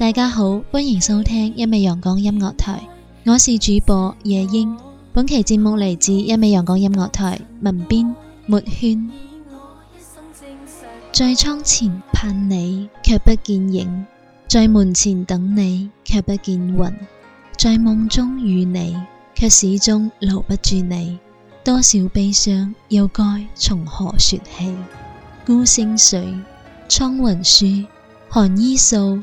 大家好，歡迎收聽一米陽光音樂台，我是主播夜鶯。本期節目嚟自一米陽光音樂台。文邊沒圈，在窗前盼你卻不見影，在門前等你卻不見魂；在夢中遇你卻始終留不住你，多少悲傷又該從何說起？孤星水，蒼雲樹，寒衣數。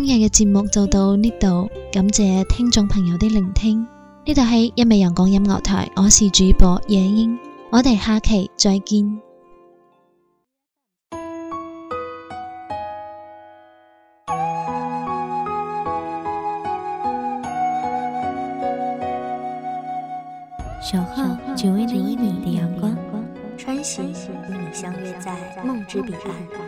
今日嘅節目就到呢度，感謝聽眾朋友的聆聽。呢度係一米陽光音樂台，我是主播夜鶯，我哋下期再見。小號只為與你的陽光，穿行與你相約在夢之彼岸。